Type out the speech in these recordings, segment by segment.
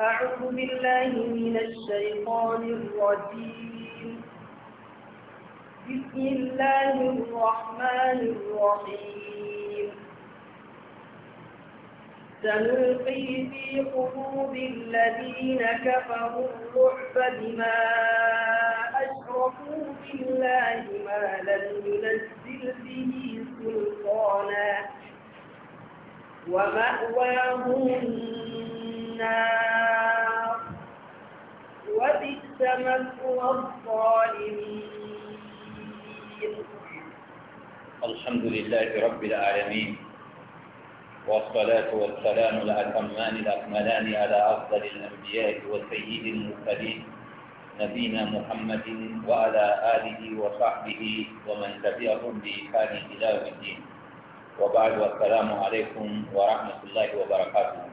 أعوذ بالله من الشيطان الرجيم بسم الله الرحمن الرحيم سنلقي في قلوب الذين كفروا الرعب بما أشركوا بالله ما لم ينزل به سلطانا ومأواهم النار وبئس مثوى الظالمين الحمد لله رب العالمين والصلاة والسلام الأتمان الأكملان على أفضل الأنبياء وسيد المرسلين نبينا محمد وعلى آله وصحبه ومن تبعهم بإحسان إلى الدين وبعد والسلام عليكم ورحمة الله وبركاته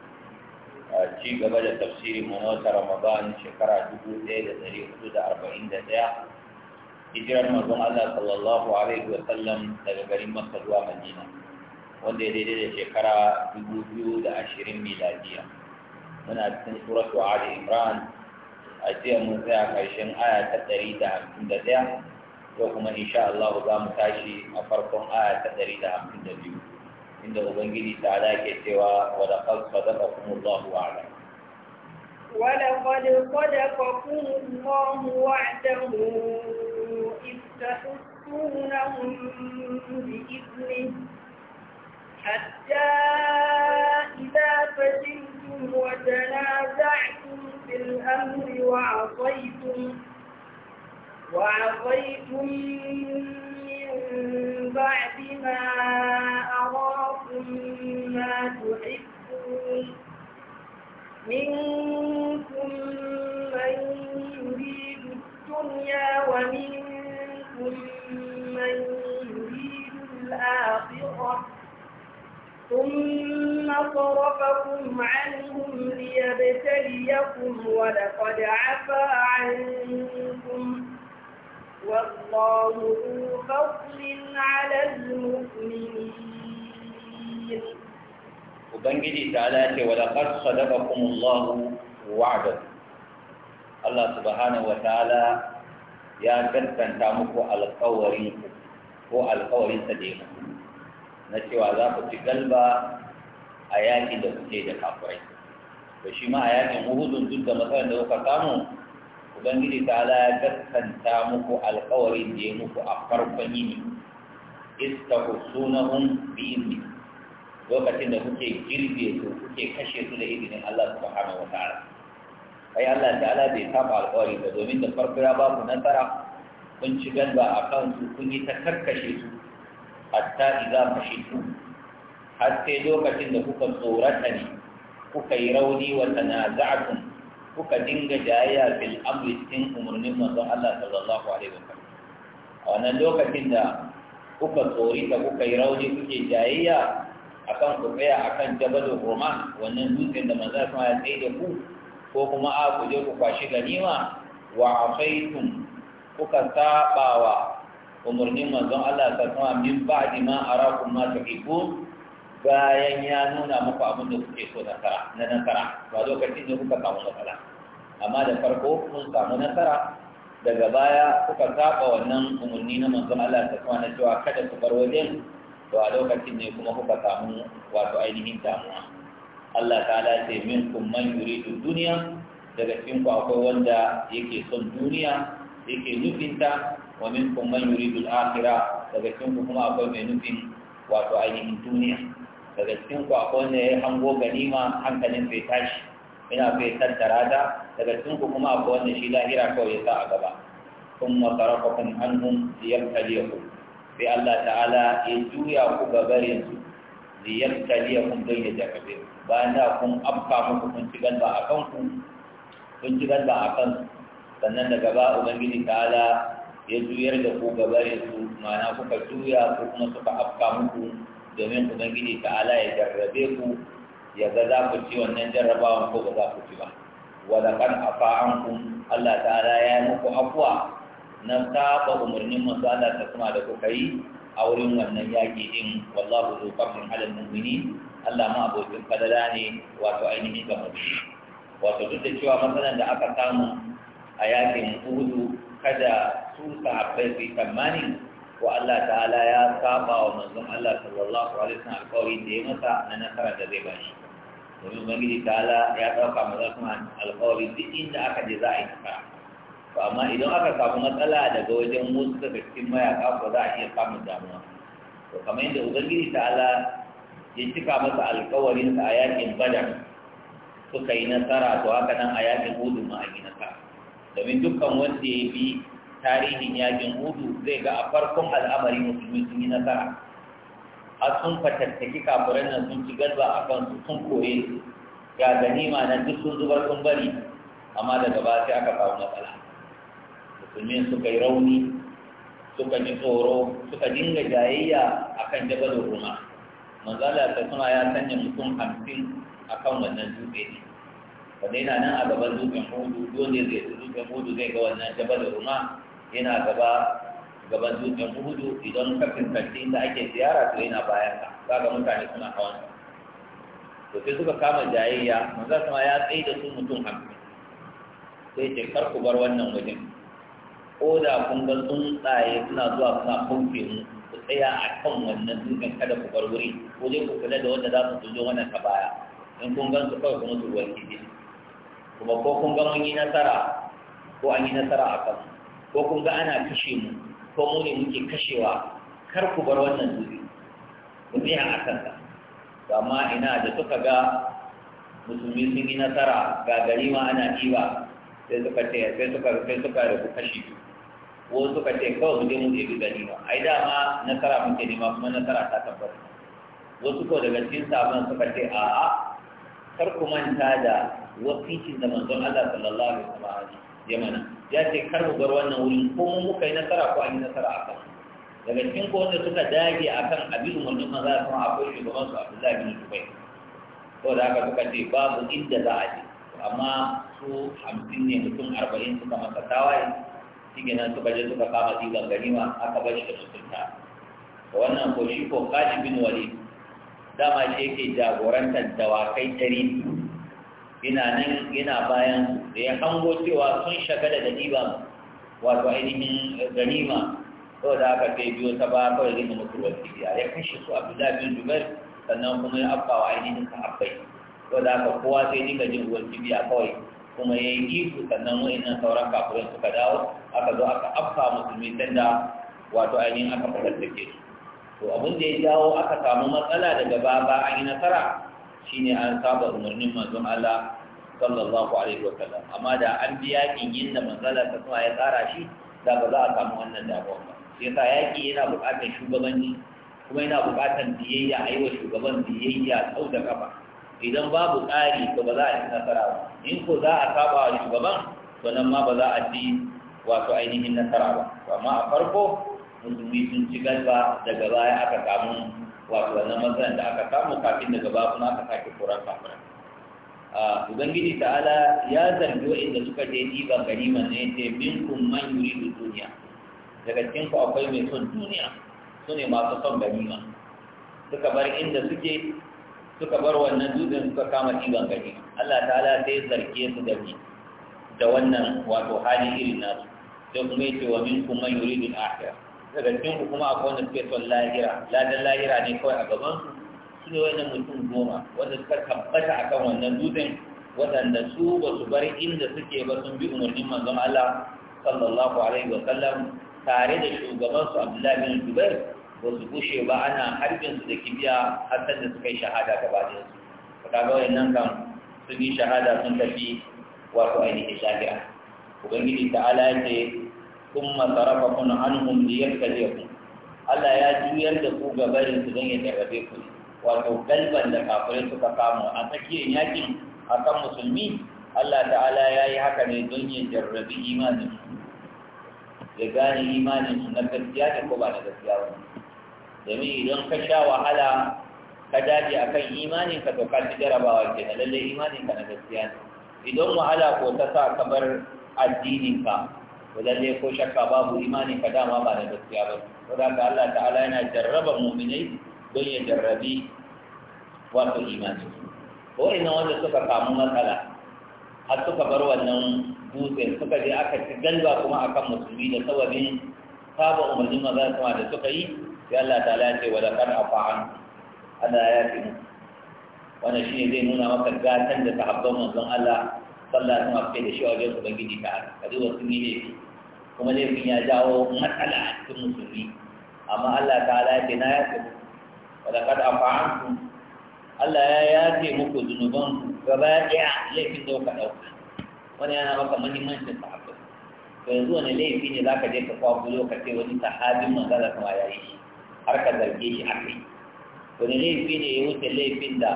ci gaba da tafsirin mu na Ramadan shekara 1441 hijirar manzon Allah sallallahu alaihi wa sallam daga garin Makka zuwa Madina wanda ya daidai da shekara 2020 miladiya muna cikin suratu Ali Imran a jiya mun tsaya karshen aya ta 151 ko kuma insha Allahu za mu tashi a farkon aya ta 152 inda Ubangiji ta ala ke cewa wa da kan kada ka kuma Allah wa ala. Wa da kada kada ka kuma Allah wa ala mu ita tuna bi izini. Hatta idza fatintum wa tanaza'tum fil amri wa 'asaytum wa 'asaytum بعد ما أراكم ما تحبون منكم من يريد الدنيا ومنكم من يريد الآخرة ثم صرفكم عنهم ليبتليكم ولقد عفا عنكم والله فضل على المؤمنين Ubangiji ta'ala ce wa laqad sadaqakum Allahu wa'da Allah subhanahu wa ta'ala ya tantanta muku alƙawarin ku ko alƙawarin sa ne na cewa za ku ci galba a yakin da kuke da kafirai to shi ma a yakin Uhud duk da matsayin da kuka samu ubangiji ta ala ya gaskanta muku alkawarin da ya muku a farkon yini istahusunahum bi izni lokacin da kuke girbe su kuke kashe su da izinin Allah subhanahu wa ta'ala ai Allah ta'ala bai saba alkawari ba domin da farko ya ba ku nasara kun ci ganda a kansu kun yi ta karkashe su hatta idza fashitu har sai lokacin da kuka tsorata ne kuka yi rauni wa tanaza'tum kuka dinga jayayya bil amri cikin umarnin manzon Allah sallallahu alaihi wa sallam a wannan lokacin da kuka tsori da kuka yi rauni kuke jayayya akan ku tsaya akan jabalul hurma wannan dutsen da manzon Allah ya tsaye da ku ko kuma a ku je ku kwashi ganima wa afaitum kuka sabawa umarnin manzon Allah sallallahu alaihi wa sallam min ba'di ma arakum ma tuhibbun bayan ya nuna muku abin da kuke so nasara na nasara ba lokacin da kuka samu nasara amma da farko kun samu nasara daga baya kuka saba wannan umarni na manzo Allah ta kuma na cewa kada ku bar wajen to a lokacin ne kuma kuka samu wato ainihin damuwa Allah ta'ala ce kun man yuridu duniya daga cikin ku akwai wanda yake son duniya yake nufinta wa kun man yuridu al-akhirah daga cikin ku kuma akwai mai nufin wato ainihin duniya daga cikin ku akwai wanda ya hango ganima hankalin bai tashi ina bai tattara ta daga cikin ku kuma akwai wanda shi lahira kawai ya sa a gaba kun masarafakun hannun ku. sai Allah ta'ala ya juya ku ga barin su kun don ya jakabe bayan da kun afka muku kun ci galba a ku kun ci galba a kansu sannan daga ba ubangiji ta'ala ya juyar da ku ga barin su ma'ana kuka juya ko kuma suka afka muku domin ubangiji ta'ala ya jarrabe ku ya ga za ku ci wannan jarrabawan ko ba za ku ci ba Wadakan laqad afa Allah ta'ala ya yi muku afwa na saba umarnin masu Allah ta kuma da kuka yi a wurin wannan yaƙi din wallahu zo kafin alal mu'minin Allah ma abokin fadala ne wato ainihin ga mutum wato duk da cewa matsalar da aka samu a yakin Uhudu kada su sahabbai su yi tsammanin ko Allah ta'ala ya saba wa manzon Allah sallallahu alaihi wasallam alƙawari da ya masa na nasara da zai bashi domin ubangiji ta'ala ya ɗauka maza kuma alƙawari duk inda aka je za a yi nasara to amma idan aka samu matsala daga wajen wasu daga cikin mayaka ko za a iya samun damuwa to kamar yadda ubangiji ta'ala ya cika masa sa a yakin badar suka yi nasara to haka nan a yakin hudu ma a yi nasara domin dukkan wanda ya bi tarihin yakin hudu zai ga a farkon al'amari musulmi sun yi nasara a sun fatattaki kafiran nan sun ci galba a su sun koye su ga ganima nan duk sun zubar sun bari amma daga ba sai aka kawo matsala musulmi suka yi rauni suka ji tsoro suka dinga jayayya a kan jabal ruma manzala ta suna ya sanya mutum hamsin a kan wannan dutse ne wanda yana nan a gaban dutsen hudu dole zai dutsen hudu zai ga wannan jabal ruma yana gaba gaban dutsen hudu idan ka kanti da ake ziyara to yana bayan ka kaga mutane suna hawan to sai suka kama jayayya manzo sama ya tsaye da su mutum hamsin sai ce kar ku bar wannan wajen ko da kun ga tsuntsaye suna zuwa suna kunfe mu ku tsaya a kan wannan dutsen kada ku bar wuri ko dai ku kula da wanda za su tuzo wannan ka baya in kun gan su kawai kuma su ruwan kuma ko kun ga mun yi nasara ko an yi nasara a kansu ko kun ga ana kashe mu ko mu ne muke kashewa kar ku bar wannan zuri ku tsaya a To amma ina da suka ga musulmi sun yi nasara ga gari ma ana ɗiba sai suka ce sai suka sai suka kashe ku ko suka ce kawai mu je mu bi gani ma ai dama nasara muke nema kuma nasara ta tabbata wasu ko daga cikin sabon suka ce a'a kar ku manta da wasikin da manzon Allah sallallahu alaihi sallam yamana ya ce kar mu bar wannan wuri ko mun muka yi nasara ko an yi nasara a kan daga cikin ko wanda suka dage a kan abin umarnin maza ya sama akwai shugaban su abdullahi bin dubai ko da haka suka ce babu inda za a je amma su hamsin ne mutum arba'in suka masa tawaye shi nan suka je suka kama digan ganima aka bar shi da mutunta wannan ko shi ko bin wali dama shi yake jagorantar dawakai ɗari biyu yana nan yana bayan da ya hango cewa sun shaka da ɗiban wato ainihin ganima ko da aka kai biyo ta ba kawai zai nuna kurwar kibiya ya kashe su abdullahi bin jubair sannan kuma ya afka wa ainihin abbai. ko da aka kowa sai dinga jin ruwan kibiya kawai kuma ya yi kifu sannan wa'annan sauran kafirai suka dawo aka zo aka afka musulmi da wato ainihin aka fatattake su to abin da ya jawo aka samu matsala daga baba an yi nasara shine an saba umarnin manzon Allah sallallahu alaihi wa sallam amma da an bi yakin yin da manzala ta kuma ya tsara shi da ba za a samu wannan damuwa ba sai sa yaki yana buƙatar shugabanni, kuma yana buƙatar biyayya a yi wa shugaban biyayya sau da kafa idan babu tsari to ba za a ci nasara ba in ko za a saba wa shugaban to nan ma ba za a ci wato ainihin nasara ba amma a farko musulmi sun ci galba daga baya aka samu wato wannan mazan da aka samu kafin daga babu na aka sake koran kafiran ubangiji ta'ala ya zargi wa'inda suka je ɗiban ganima ne ce min kun man yuri da duniya daga cikin ku akwai mai son duniya su ne masu son ma suka bar inda suke suka bar wannan dutsen suka kama ɗiban gari, Allah ta'ala yi zarge su da ni da wannan wato hali irin nasu sai kuma ya ce wa min kun man yuri akhirah rantun ku kuma akwai wanda suke son lahira ladan lahira ne kawai a gaban su su ne wani mutum goma wanda suka tabbata a kan wannan dutsen waɗanda su ba su bar inda suke ba sun bi umarnin manzon Allah sallallahu alaihi wa sallam tare da shugaban su Abdullahi bin Zubair ba su gushe ba ana harbin su da kibiya har sai da suka yi shahada gaba ɗaya su kaga wayannan kan sun yi shahada sun tafi wato ainihin lahira ubangiji ta'ala ya ce Kuma ثم صرفكم عنهم ليبتليكم Allah ya juyar da ku ga barin su don ya jarrabe ku wato galban da kafirai suka kamo a tsakiyar yakin akan musulmi Allah ta'ala ya yi haka ne don ya jarrabi imanin ya gane imanin su na gaskiya da ko ba na gaskiya ba domin idan ka sha wahala ka dace akan imanin ka to ka ci jarabawa ke na lallai imanin ka na gaskiya ne idan wahala ko ta sa ka bar addinin ka to lalle ko shakka babu imani ka dama ba da gaskiya ba saboda ka Allah ta'ala yana jarraba mu'minai don ya jarrabi wato imani ko ina wanda suka kamu matsala har suka bar wannan dutsen suka je aka ci galba kuma akan musulmi da sababin saba umarnin maza sama da suka yi sai Allah ta'ala ya ce wa laqad afa'an Allah ya fi mu wannan shine zai nuna maka gatan da ta habban manzon Allah sallallahu alaihi wasallam da shi wajen ubangiji ta'ala kaji wasu ne kuma laifin ya jawo matsala a cikin musulmi amma Allah ta'ala ya ce na ya ce wala kad afa'antum Allah ya ce muku zunuban gaba ɗaya laifin da kuka ɗauka wani yana maka muhimmancin sahabbai to yanzu wani laifi ne zaka je ka yau ka ce wani sahabin manzala kuma ya yi har ka zarge shi akai wani laifi ne ya wuce laifin da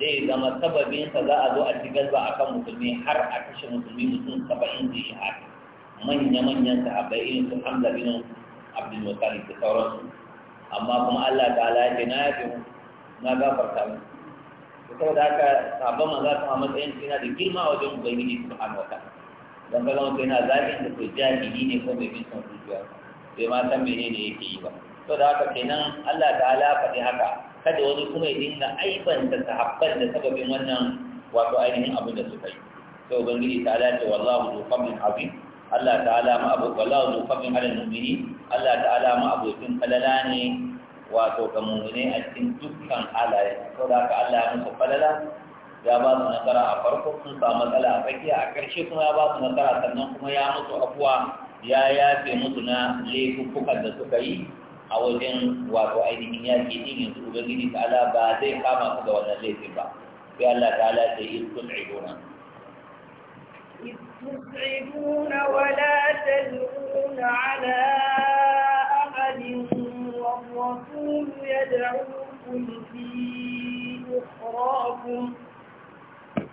zai zama sababinsa za a zo a ci a akan musulmi har a kashe musulmi mutum saba'in da ya haka manya-manyan sahabbai irin su hamza bin abdul mutalib da sauransu amma kuma allah ta'ala ya ce na yafe mu na gafarta mu da haka sabon maza su a matsayin suna da girma wajen ubangiji su an wata don ga zama suna zaɓin da to jahili ne ko mai bin son zuciya bai ma san menene yake yi ba saboda haka kenan allah ta'ala faɗi haka kada wani kuma ya dinga aibanta sahabban da sababin wannan wato ainihin abin da suka yi sai ubangiji ta alaƙa wallahu zu fadlin abin. Allah ta'ala ma abu wallahu hali ala mu'mini Allah ta'ala ma abokin falala ne wato ga mu'mine a cikin dukkan halaye ko da aka Allah ya musu falala ya ba su nasara a farko sun ba matsala a tsakiya a ƙarshe kuma ya ba su nasara sannan kuma ya musu afuwa ya yafe musu na laifuffukan da suka yi a wajen wato ainihin yaƙi ɗin yanzu ubangiji ta'ala ba zai kama su ga wannan laifin ba sai Allah ta'ala ta yi sun idona إذ تسعدون ولا تلقون على أحد والرسول يدعوكم في أخراكم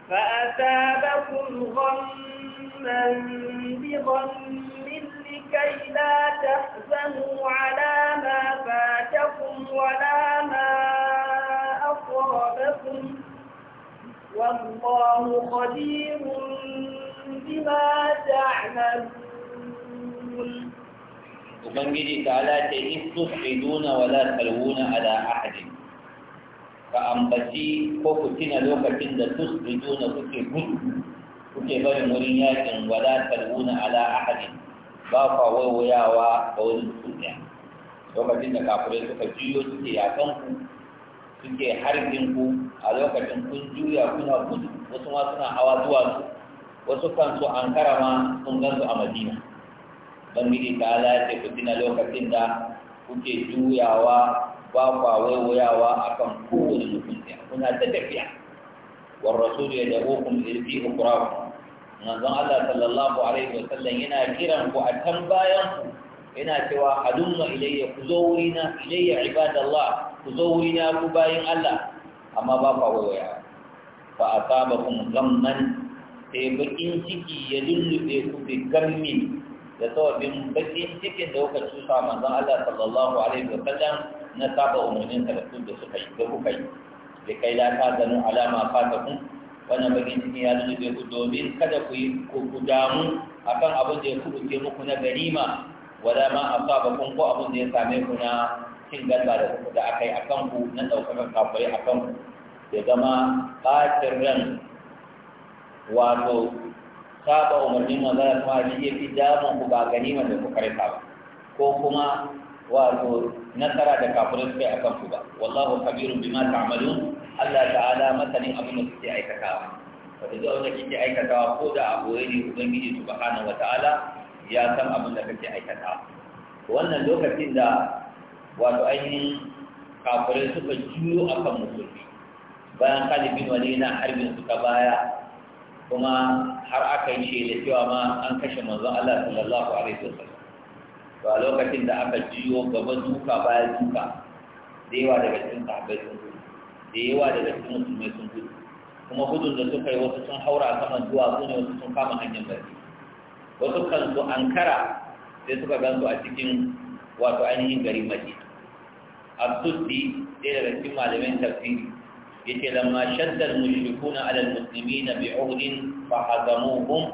فأثابكم غما بغم لكي لا تحزنوا على ما فاتكم ولا ما أصابكم والله خبير bima ta'lamun ubangiji ta'ala ta istusiduna wala talwuna ala ahad fa ambati ko kutina lokacin da tusiduna kuke gudu kuke bari murin yakin wala talwuna ala ahad ba fa wayoyawa ko dunya lokacin da kafirai suka jiyo suke yakan ku suke harbin ku a lokacin kun juya kuna gudu wasu ma suna hawa zuwa wasu kan su an karama sun gan su a madina bangiji ta ala ya ku tuna lokacin da kuke juyawa ba kwa waiwayawa akan kowane mutum ɗaya kuna ta tafiya wa rasulu ya dabo kun ilfi ukuraku manzon Allah sallallahu alaihi wa sallam yana kiran ku a can bayan ku yana cewa hadumma ilayya ku zo wurina ilayya ibadallah ku zo wurina ku bayin Allah amma ba kwa waiwayawa fa asabakum ghamman sai bakin ciki ya lullube su bi gammi da sababin bakin cikin da kuka cusa manzan Allah sallallahu alaihi wa sallam na saba umarnin da da suka yi da kuka yi da kai la ta zanu alama kun? wannan bakin cikin ya lullube ku domin kada ku yi ku damu akan abin da ya kubuce muku na ganima wala ma kun ko abin da ya same ku na cin galla da aka yi akan ku na daukar kafai akan ku ya zama ɓacin ran wato saba umarnin manzara kuma shi ya fi damun ku ba gani da ku karanta ba ko kuma wato nasara da kafirai suka yi akan ku ba wallahu kabirun bima ta'malun Allah ta'ala masanin abin da suke aikatawa wata zuwa wanda kike aikatawa ko da a goye ne ubangiji subhanahu wataala ya san abin da kake aikatawa wannan lokacin da wato ainihin kafirai suka juyo akan musulmi bayan kalibin wani na harbin suka baya kuma har aka yi shi da cewa ma an kashe manzon Allah sallallahu alaihi wasallam to a lokacin da aka jiyo gaba duka baya duka da yawa daga cikin sahabbai sun gudu da yawa daga cikin musulmai sun gudu kuma gudun da suka yi wasu sun haura saman zuwa ne wasu sun kama hanyar barci wasu kansu ankara sai suka gansu a cikin wato ainihin garin madina abdulli ɗaya daga cikin malamin tafsiri yace lamma shadda al-mushrikuna alal al-muslimina bi'udin fa hazamuhum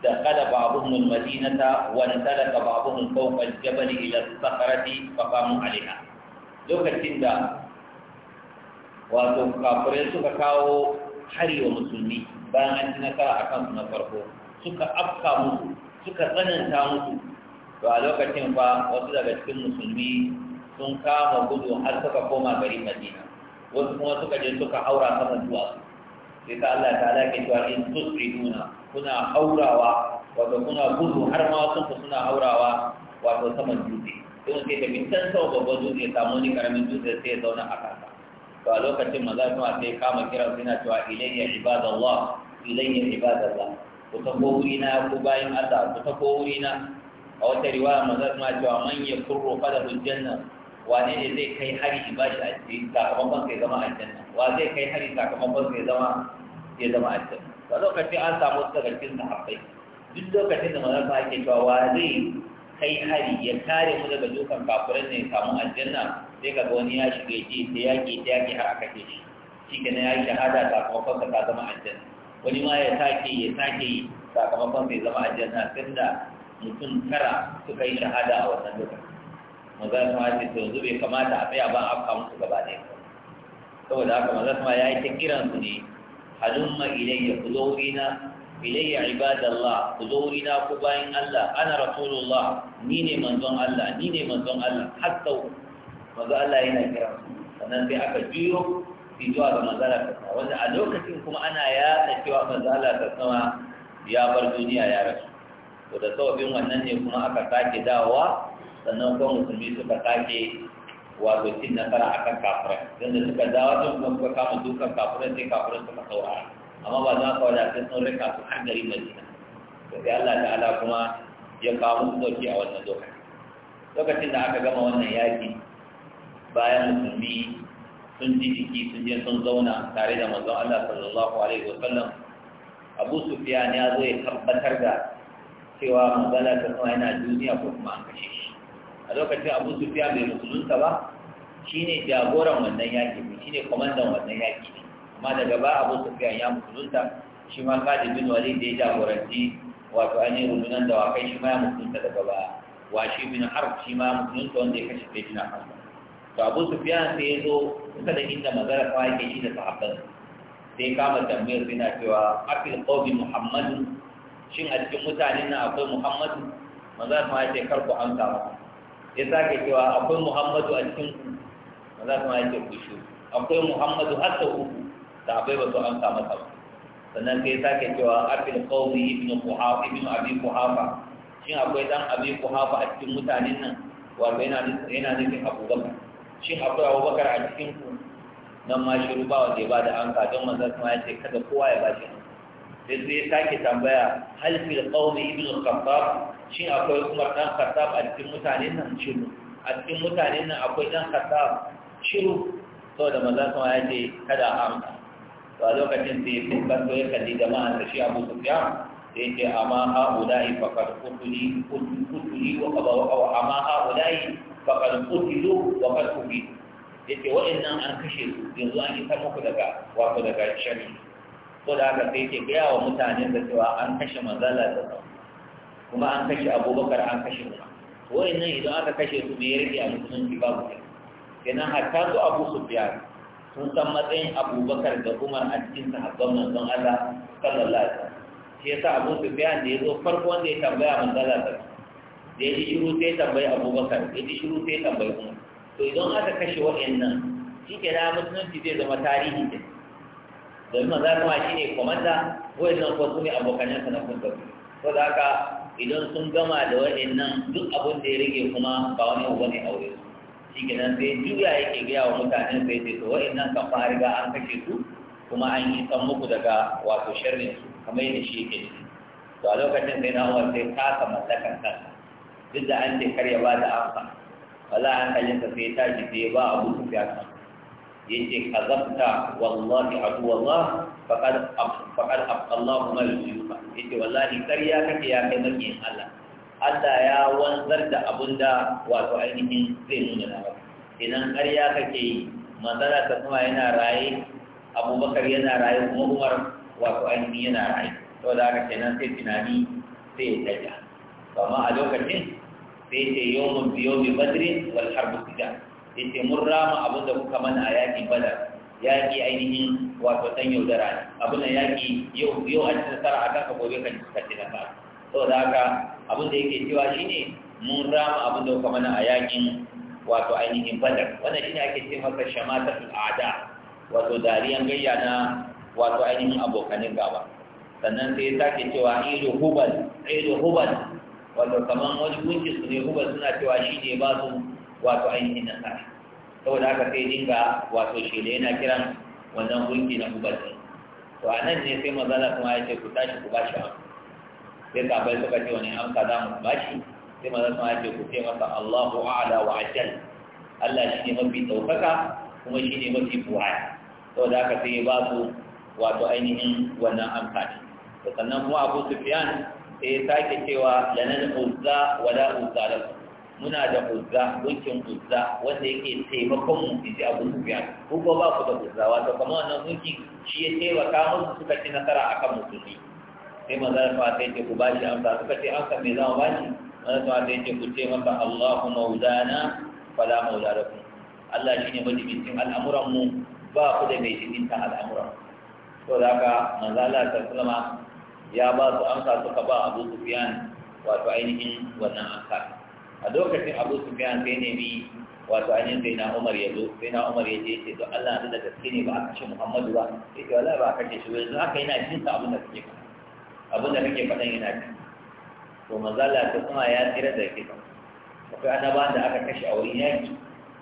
dakhala ba'dhum al-madinata wa antalaka ba'dhum fawqa al-jabal ila as-sakhrati fa qamu 'alayha lokacin da wato kafirai suka kawo hari wa musulmi bayan an ci nasara a kansu na farko suka afka musu suka tsananta musu to a lokacin fa wasu daga cikin musulmi sun kama gudu har suka koma gari madina wasu kuma suka je suka haura saman duwatsu sai ta Allah ta ala ke cewa in tusriduna kuna haurawa wato kuna gudu har ma sun ku suna haurawa wato saman dutse sai sai da mintan sau babban dutse ya samu ni karamin dutse sai ya zauna a kansa to a lokacin maza zuwa sai kama kira suna cewa ilayya ibadallah ilayya ibadallah ku tako wurina ko bayan Allah ku ta tako wurina a wata riwaya maza kuma cewa man fada fadahul janna wane ne zai kai hari in ba shi addini sakamakon sai zama aljanna wa zai kai hari sakamakon sai zama ya zama aljanna a lokacin an samu su daga cikin sahabbai duk lokacin da mazan sa ake cewa wa zai kai hari ya kare mu daga dukan kafirin ne samu aljanna sai kaga wani ya shiga ya ce sai yaƙi ta yaƙi har aka ce shi shi ke na yayi shahada sakamakon sa ta zama aljanna wani ma ya sake ya sake yi sakamakon sai zama aljanna tunda mutum tara suka yi shahada a wannan lokacin maza kuma ya ce to yanzu bai kamata a tsaya ba a afka musu gaba ɗaya saboda haka maza kuma ya yi ta kiran su ne halumma ilayya ku zo wurina ilayya ibadallah ku zo wurina ku bayan Allah ana rasulullah ni ne manzon Allah ni ne manzon Allah har sau maza Allah yana kiran su sannan sai aka juyo su zuwa ga manzala ta wanda a lokacin kuma ana yaɗa cewa manzala ta sama ya bar duniya ya rasu to da sababin wannan ne kuma aka sake dawowa sannan kuma musulmi suka sake wato cin nasara kan kafirai don da suka dawa sun kuma suka kama dukan kafirai sai kafirai suka saura amma ba za ka wadata sun rika su har garin madina to sai Allah ta'ala kuma ya kawo musu dauki a wannan doka lokacin da aka gama wannan yaki bayan musulmi sun ji jiki sun je sun zauna tare da manzon Allah sallallahu alaihi wa sallam Abu Sufiya ya zo ya tabbatar da cewa ta kuma yana duniya ko kuma an kashe shi a lokacin abu sufiya bai musulunta ba Shi ne jagoran wannan yaki ne ne kwamandan wannan yaki ne amma daga ba abu sufiya ya musulunta shi ma kadi bin wali da ya jagoranci wato ainihin rundunar da wakai shi ma ya musulunta daga ba washi bin har shi ma musulunta wanda ya kashe sai a harb to abu sufiya sai ya zo kusa da inda magana fa yake shi da sahabban sai kama tambayar sai na cewa afil qawmi muhammadu shin a cikin mutanen nan akwai muhammadu manzo ma ya ce kar ku amsa masa ya sake cewa akwai muhammadu a cikin ku ba za kuma yake ku shi akwai muhammadu har sau uku sahabai ba su an masa ba sannan sai ya sake cewa afil qawmi ibnu quhafa ibnu abi hafa. shin akwai dan abi hafa a cikin mutanen nan wato yana yana nufin abubakar shin akwai abubakar a cikin ku nan ma shiru ba wanda ya ba da amsa don manzon kuma ya ce kada kowa ya ba shi sai sai ya sake tambaya hal fil qawmi na khattab shin akwai kuma ɗan khattab a cikin mutanen nan shiru a cikin mutanen nan akwai ɗan khattab shiru da maza sama ya ce kada a amsa to a lokacin sai ya fuskanto ya kalli jama'a da shi abu fiya sai ce amma ha'ula'i fakar kutuli kutuli wa kaba wa amma ha'ula'i fakar qutilu wa qad qutilu yace wa'annan an kashe su yanzu an yi muku daga wato daga shari'a ko da haka sai ke gaya wa mutanen da cewa an kashe manzala da sama kuma an kashe abubakar an kashe kuma. wani nan idan aka kashe su mai ya a musulunci babu kai kenan hatta su abu sufyan sun san matsayin abubakar da umar a cikin sahabban manzon Allah sallallahu alaihi wasallam shi yasa abu sufyan da ya zo farko wanda ya tambaya manzon Allah da ya ji shiru sai tambayi abubakar ya ji shiru sai tambayi umar to idan aka kashe nan shi ke na musulunci zai zama tarihi ne domin manzon Allah shi ne komanda nan ko su ne abokanansa na kuntar ko da haka idan sun gama da waɗannan duk abin da ya rage kuma ba wani abu ne aure shi nan sai juya yake gaya wa mutane sai ce to waɗannan kan fa riga an kashe su kuma an yi san muku daga wato sharrin su kamar yadda shi yake ciki to a lokacin sai na umar sai taka mallakan kansa duk da an ce kar ya ba da amsa wala hankalinsa sai ta ji sai ba abu su fiya kan ya ce kazabta wallahi aduwallah faqad faqad abqallahu ma yusufa yace wallahi ƙarya kake ya kai yin Allah Allah ya wanzar da abun da wato ainihin zai nuna na ba idan ƙarya kake yi manzara ta kuma yana raye abubakar yana raye kuma umar wato ainihin yana raye to da haka kenan sai tunani sai ya taja amma a lokacin sai ce yawmun biyo bi badri wal harbu sida sai ce mun rama abin da kuka mana a yaƙi badar yaƙi ainihin wato ɗan yaudara ne abin nan yaƙi yau yau an ci nasara a kanka gobe kan ka ci nasara saboda haka abin da yake cewa shine mun rama abin da kuma na a yaƙin wato ainihin badar wannan shine ake ce masa shamatatul a'da wato dariyan gayya na wato ainihin abokanin gaba sannan sai ta ke cewa ido hubal ido hubal wato kaman wani gunki su ne hubal suna cewa shi ne ba su wato ainihin nasara saboda haka sai dinga wato shele yana kiran wannan gunki na hubal din to a nan ne sai mazala kuma ya ce ku tashi ku bashi amsa sai sabai suka ce wani amsa za mu bashi sai mazala kuma ya ce ku ce masa Allahu a'la wa ajal Allah shi ne mafi ɗaukaka kuma shi ne mafi buwaya da haka sai ya ba su wato ainihin wannan amsa ne to sannan kuma Abu Sufiyan? sai ya sake cewa lanal uzza wala uzza lakum muna da uzza gunkin uzza wanda yake taimakon mu ji abu sufiya ko Kuma ba ku da uzza wato kamar wannan gunki shi ya taimaka musu suka ci nasara akan musulmi sai manzon fa ta ce ku bashi amsa suka ce amsa me za mu bashi manzon fa ta ce ku ce maka Allahu maulana fala Allah lakum Allah shine majibincin al'amuran mu ba ku da mai ta al'amuran to da ka manzon Allah sallama ya ba su amsa suka ba Abu Sufyan wato ainihin wannan amsa a lokacin abu su biya sai ne bi wato ainihin sai na umar ya zo sai na umar ya je ce to allah da gaske ne ba a kashe muhammadu ba Sai ce wala ba a kashe shi ba yanzu haka yana jin sa abin da kake faɗa abin da kake faɗan yana jin to manzala ta kuma ya tsira da kisa akwai annabawan da aka kashe a wurin yaki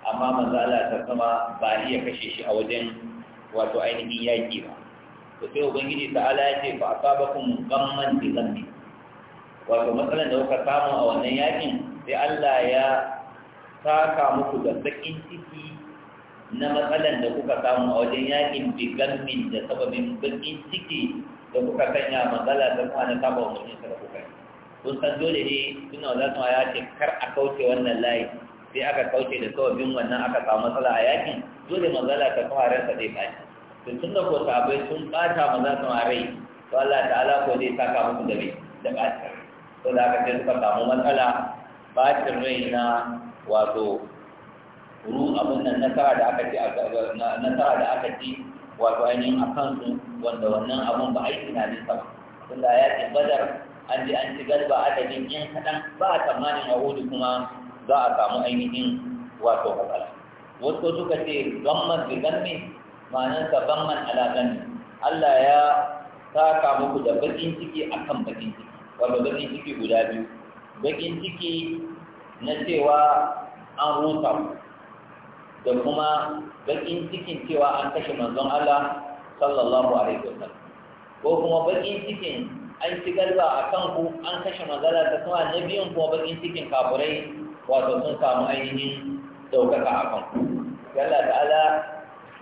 amma manzala ta kuma ba iya kashe shi a wajen wato ainihin yaki ba to sai ubangiji ala ya ce fa asabakum gamman bi zambi wato matsalar da kuka samu a wannan yakin sai Allah ya saka muku da sakin ciki na matsalar da kuka samu a wajen yakin gamin da sababin bakin ciki da kuka sanya matsala da kuma na saba wa mutum da kuka yi kun san dole ne suna da su ya ce kar a kauce wannan layi sai aka kauce da sababin wannan aka samu matsala a yakin dole matsala ta kuma ta zai ɓaci to tun da ko sabai sun ɓata maza su rai to Allah ta'ala ko zai saka muku da rai da ɓata to da aka ce suka samu matsala bacin rai na wato ru abin nan nasara da aka ci nasara da aka ci wato ainihin a kansu wanda wannan abun ba aiki na nisa ba tun da ci badar an ji an ci galba adadin yin kaɗan ba a tsammanin hudu kuma za a samu ainihin wato matsala wasu suka ce gamman bi gamme ma'anarsa gamman ala gamme Allah ya saka muku da bakin ciki akan bakin ciki wato bakin ciki guda biyu bakin ciki na cewa an rusa da kuma bakin cikin cewa an kashe manzon Allah sallallahu alaihi wa wasallam ko kuma bakin cikin an ci galba a kan ku an kashe manzala ta kuma na biyun kuma bakin cikin kafurai wato sun samu ainihin ɗaukaka a kan ku Allah ta'ala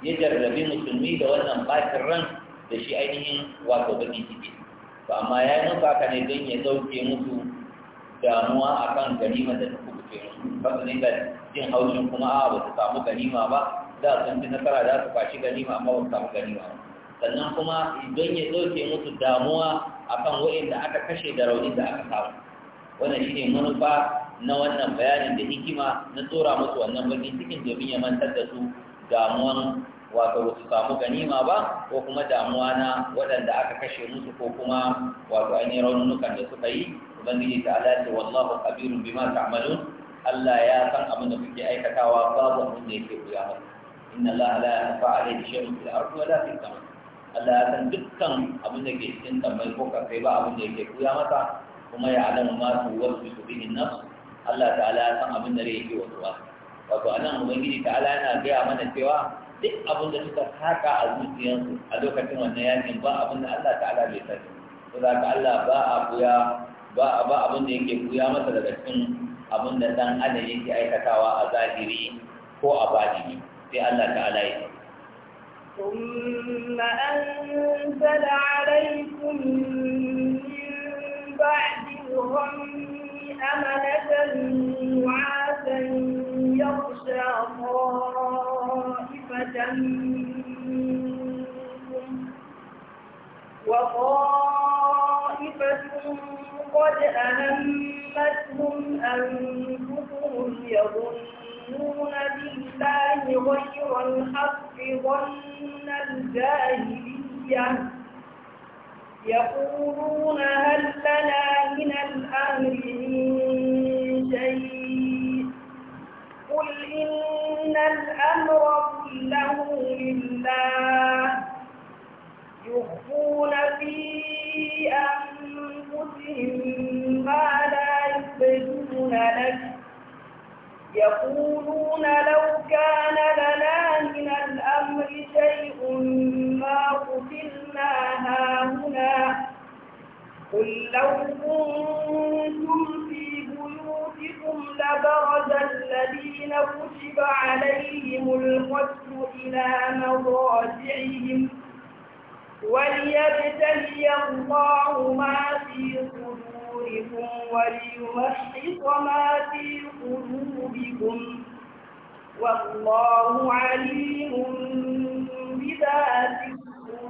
ya jarrabi musulmi da wannan bakin ran da shi ainihin wato bakin ciki to amma ya yi nufa ka ne don ya sauke musu damuwa a kan ganima da ta kubuce musu ba su dinga jin haushin kuma a ba su samu ganima ba za su fi nasara za su kwashi ganima amma ba su samu ganima ba sannan kuma don ya sauke musu damuwa a kan waɗanda aka kashe da rauni da aka samu wannan shi ne manufa na wannan bayanin da hikima na tsora musu wannan bakin cikin domin ya mantar da su damuwan wato ba su samu ganima ba ko kuma damuwa na waɗanda aka kashe musu ko kuma wato ainihin raunukan da suka yi ubangiji ta ala ce wallahu kabirun bima ta'malun Allah ya san abin da kuke aikatawa babu abin da yake buya masa inna Allah la yakhfa alayhi shirin fil ardi wa la fis sama Allah ya san dukkan abin da ke cikin sammai ko kai ba abin da yake buya masa kuma ya alamu ma su wasu su bihin nafsu Allah ta'ala ya san abin da yake wasu wasu wato anan ubangiji ta'ala yana gaya mana cewa duk abin da suka saka a zuciyarsu a lokacin wannan yakin ba abin da Allah ta'ala bai sani ko za ka Allah ba a buya ba ba abin da yake buya masa daga cikin abin da dan Allah yake aikatawa a zahiri ko a batini sai Allah ta'ala ya ثم أنزل عليكم من بعد الغم أمنة نعاسا يغشى طائف منكم وطائفة قد أهمتهم أنفسهم يظنون بالله غير الحق ظن الجاهلية يقولون هل لنا من الأمر من شيء قل إن الأمر كله لله يخفون في أنفسهم ما لا يبدون لك يقولون لو كان لنا من الأمر شيء ما قتلنا هاهنا قل لو كنتم في أنفسكم لبرز الذين كتب عليهم القتل إلى مضاجعهم وليبتلي الله ما في صدوركم وليمحص ما في قلوبكم والله عليم بذات الصدور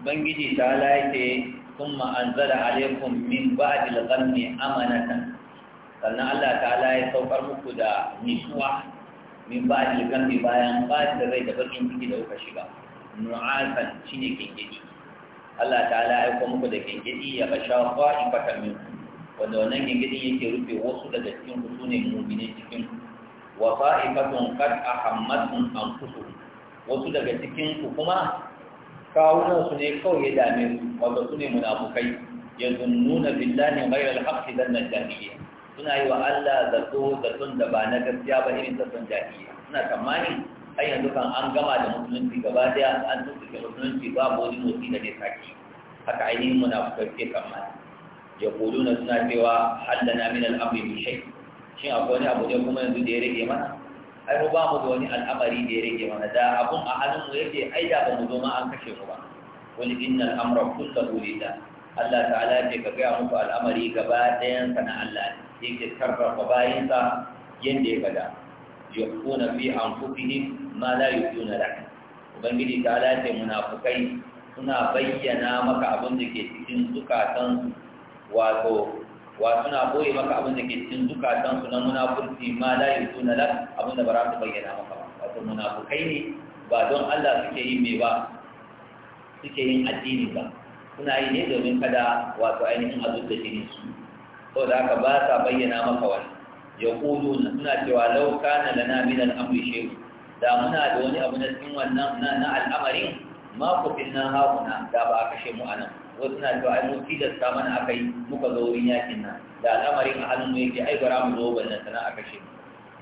Ubangiji ta ثم أنزل عليكم من بعد الغم أمنة sannan Allah ta'ala ya saukar muku da nisuwa min ba da gambi bayan ba da rai da bakin ciki da kuka shiga nu'asan shine kenkeci Allah ta'ala ya aiko da kenkeci ya basha qa'ifatan min wanda wannan kenkeci yake rufe wasu daga wasu daga cikin ku kuma kawunan su ne kawai ya dame wanda su ne munafukai yazunnuna billa ne mai haqqi zan nan jami'a suna yi wa Allah da so da ba na gaskiya ba irin sun jami'a suna tsammanin har yanzu kan an gama da musulunci gaba daya an tuntuke musulunci babu wani motsi da zai sake haka ainihin munafukai ke tsammani na suna cewa hallana min al-amri shin akwai wani abu ne kuma yanzu da ya rage mana ai mu ba mu da wani al'amari da ya rage mana da abun a hannun mu yake ai da ba mu zo ma an kashe mu ba wani inna al'amra kullahu lillah Allah ta'ala ce ka gaya muku al'amari gaba ɗayan sa na Allah ne yake bayan sa yadda ya gada yakuna fi anfusihim ma la yutuna lak ubangiji ta'ala ya ce munafukai suna bayyana maka abin da ke cikin zukatansu wato wa suna boye maka abin da ke cikin zukatan su na munafurci ma la yusuna lak abin da ba za su bayyana maka ba wato munafukai ne ba don Allah suke yin me ba suke yin addini ba suna yi ne domin kada wato ainihin azur da jini su ko da aka ba sa bayyana maka wani na suna cewa lauka na lana min al-amri da muna da wani abu na cikin wannan na al'amarin ma na hakuna da ba a kashe mu anan wasu na cewa ai mun tilasta mana aka yi muka zo wurin yakin nan da al'amarin a hannun yake ai bara mu zo ballan sana kashe shi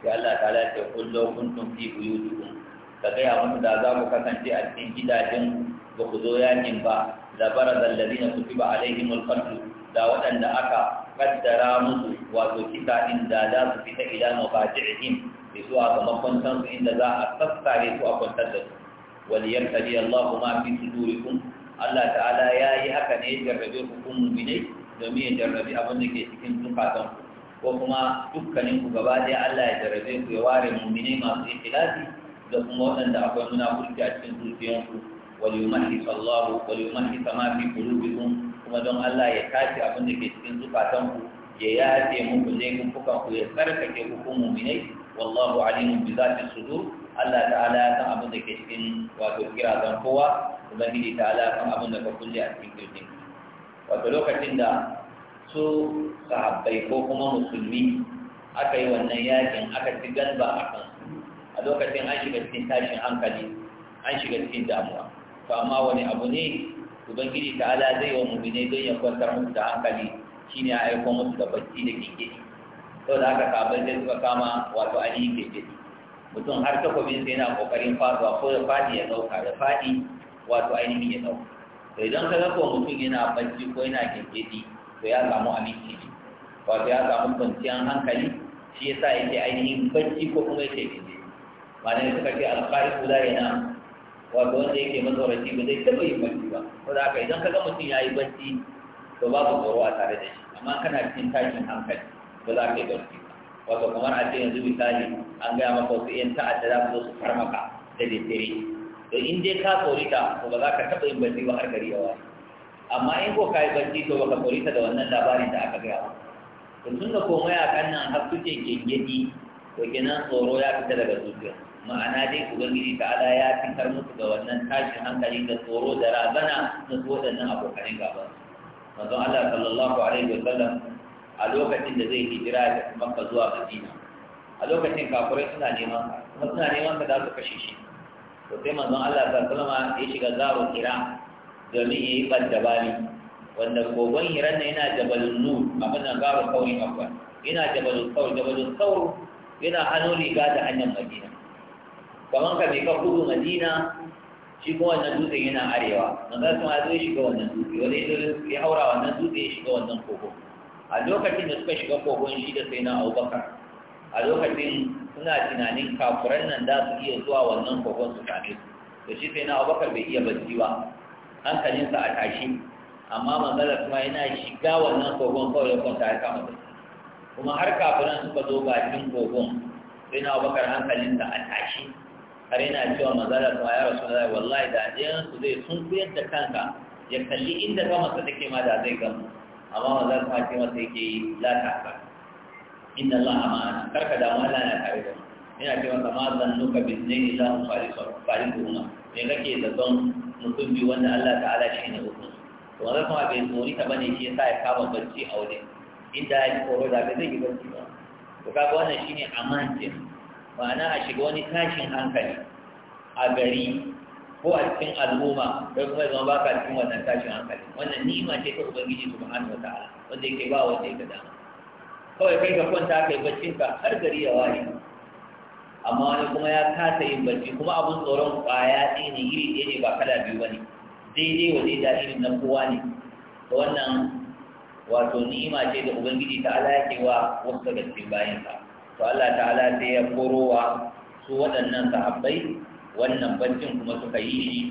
sai Allah Ta ya ce kullu kuntum fi buyutikum ka gaya musu da za ku kasance a cikin gidajen ba ku zo yakin ba da bara zallazina kutiba alaihimul qatl da waɗanda aka kaddara musu wato kisa din da za su fita ila mafaji'ihim da zuwa ga makwantansu inda za a sassare su a kwantar da su وليبتلي الله ما في صدوركم Allah ta'ala ya yi haka ne ya jarrabe ku kun mu'minai domin ya jarrabe abin da ke cikin zukatan ko kuma dukkanin ku gaba ɗaya Allah ya jarrabe ku ya ware mu'minai masu ikhlasi da kuma waɗanda akwai munafurci a cikin zuciyansu wal yumahhis sallahu wal yumahhis ma fi qulubikum kuma don Allah ya tace abin da ke cikin zukatan ku ya yafe muku zai kun fuka ku ya tsarkake ku kun mu'minai wallahu alimun bi zati sudur Allah ta'ala ya san abin da ke cikin wato kira zan kowa ubangiji ta'ala ya san abin da ka kulle a cikin kirjin wato lokacin da su sahabbai ko kuma musulmi aka yi wannan yakin aka ci galba a kan a lokacin an shiga cikin tashin hankali an shiga cikin damuwa to amma wani abu ne ubangiji ta'ala zai wa mu'mine don ya kwantar musu da hankali shine ya aiko musu da bacci da kike saboda haka sahabbai zai suka kama wato ainihin keke mutum har takobin sai yana kokarin faduwa ko ya fadi ya dauka da fadi wato ainihin ya dauka to idan ka ga mutum yana bacci ko yana gengedi to ya samu aminci ne wato ya samu kwanciyar hankali shi yasa yake ainihin bacci ko kuma yake gengedi ma'ana ne suka ce alƙari kula yana wato wanda yake mazauraci ba zai taɓa yin bacci ba ko da haka idan ka ga mutum ya yi bacci to babu tsoro a tare da shi amma kana cikin tashin hankali ba za ka yi bacci ba wato kamar a ce yanzu misali an gaya maka wasu yan ta'adda za su zo su far maka da daddare to in dai ka tsorita to ba za ka taɓa yin barci ba har gari yawa amma in ko ka yi barci to baka tsorita da wannan labarin da aka gaya ba to tun da komai a kan nan har suke gengedi to kenan tsoro ya fita daga zuciya ma'ana dai ubangiji ta'ala ya fitar musu da wannan tashin hankali da tsoro da razana na su waɗannan abokanin gaba manzon Allah sallallahu alaihi wa sallam a lokacin da zai hijira da kuma ka zuwa madina a lokacin kafirai suna neman ka kuma suna neman ka za su kashe shi to sai manzon Allah ta sallama ya shiga zaro kira domin ya yi ɓaddabani wanda gogon hiran na yana jabalun nur abin nan garo kawai akwai yana jabalun kawai jabalun kawai yana hannu riga da hanyar madina kamar ka mai ka kudu madina shi kuma wannan dutsen yana arewa manzon Allah ya shiga wannan dutse wani ya haura wannan dutse ya shiga wannan kogon a lokacin da suka shiga kogon shi da sai na abubakar a lokacin suna tunanin kafuran nan za su iya zuwa wannan kogon su same su da shi sai na abubakar bai iya bacci ba hankalinsa a tashi amma manzala kuma yana shiga wannan kogon kawai yakan ta haka kama bacci kuma har kafuran suka zo bakin kogon sai na abubakar hankalinsa a tashi har yana cewa manzala kuma ya rasu da wallahi da ɗayan su zai sun kuyar da kanka ya kalli inda kamarsa take ma da zai gama amma maza kuma ce masa yake yi la ta ka inna allaha ma'ana karka damu Allah na tare da mu ina ce masa ma nuka bi zai ila mu farisu kuma me kake da zon mutum biyu wanda Allah ta'ala shi ne uku? to maza kuma bai tsori ta bane shi yasa ya kama barci a wurin. inda ya ji tsoro da zai yi barci ba to kaga wannan shine amantin ma'ana a shiga wani tashin hankali a gari ko a cikin al'umma kai kuma zama ba ka cikin wannan tashin hankali wannan ma ce ta ubangiji subhanahu wataala wanda yake ba wanda ka dama kawai kai ka kwanta yi baccin ka har gari ya waye amma wani kuma ya kasa yin bacci kuma abun tsoron kwaya ɗaya ne iri ɗaya ne ba kala biyu ba ne daidai wa daidai irin na kowa ne to wannan wato ni'ima ce da ubangiji ta yake wa wasu daga cikin bayansa to Allah ta'ala sai ya korowa su waɗannan sahabbai wannan bancin kuma suka yi shi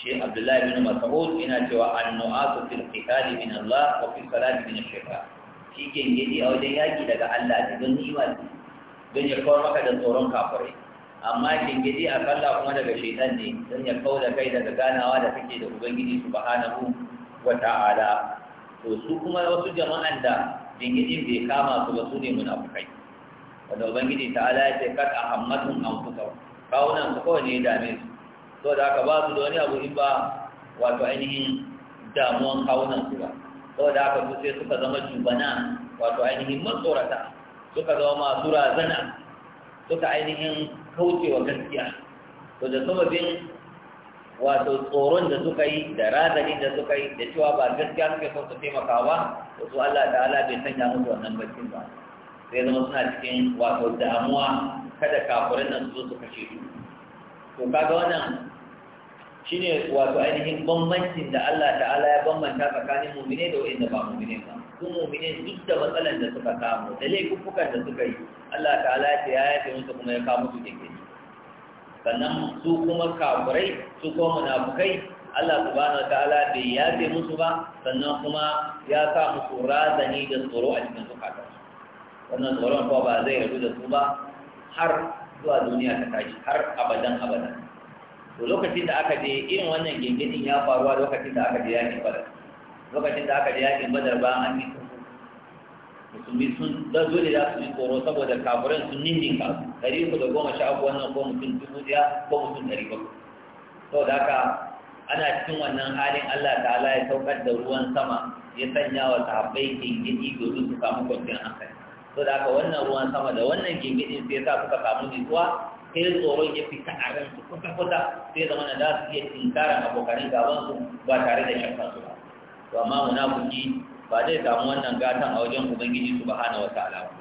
shi abdullahi bin mas'ud ina cewa annu'asu fil qitali min Allah wa fil salati min ash-shaytan shi gengedi a wajen yaki daga Allah da don yi wani don ya kawar maka da tsoron kafirai amma gengedi a sallah kuma daga shaitan ne don ya kawo da kai daga ganawa da kake da ubangiji subhanahu wa ta'ala to su kuma wasu jama'an da gengedin bai kama su ba su ne munafukai wanda ubangiji ta'ala ya ce kad ahammatun anfusahum kawunan su kawai ne ya dame su so da aka ba su da wani abu in ba wato ainihin damuwan kawunan su ba so da aka su sai suka zama jubana wato ainihin matsorata suka zama masu razana suka ainihin kaucewa gaskiya to da sababin wato tsoron da suka yi da razani da suka yi da cewa ba gaskiya suke son su taimaka ba da su Allah ta'ala bai sanya musu wannan bakin ba sai zama suna cikin wato damuwa kada kafirin nan zo su kashe su to kaga wannan shine wato ainihin bambancin da Allah ta'ala ya bambanta tsakanin mu'mine da wa'inda ba mu'mine ba su mu'mine duk da matsalan da suka samu da laifukan da suka yi Allah ta'ala ya ce ya yafe musu kuma ya kawo musu kike sannan su kuma kafirai su kuma munafukai Allah subhanahu wataala bai yafe musu ba sannan kuma ya sa musu razani da tsoro a cikin zukata wannan tsoron kuwa ba zai rabu da su ba har zuwa duniya ta tashi har abadan abadan to lokacin da aka je irin wannan gengedin ya faruwa lokacin da aka je yakin badar lokacin da aka je yakin badar ba an yi musulmi sun da dole za su yi tsoro saboda kafirin sun ninninka ɗari uku da goma sha uku wannan ko mutum dubu daya ko mutum ɗari bakwai saboda haka ana cikin wannan halin Allah ta'ala ya saukar da ruwan sama ya sanya wa sahabbai gengedi domin su samu kwanciyar hankali to da aka wannan ruwan sama da wannan gingidin sai sa suka samu nutsuwa sai tsoron ya fita a ran su kusa kusa sai zama na za su iya tinkara abokanin gaban su ba tare da shan kansu ba to amma munafiki ba zai samu wannan gatan a wajen ubangiji subhanahu wataala ba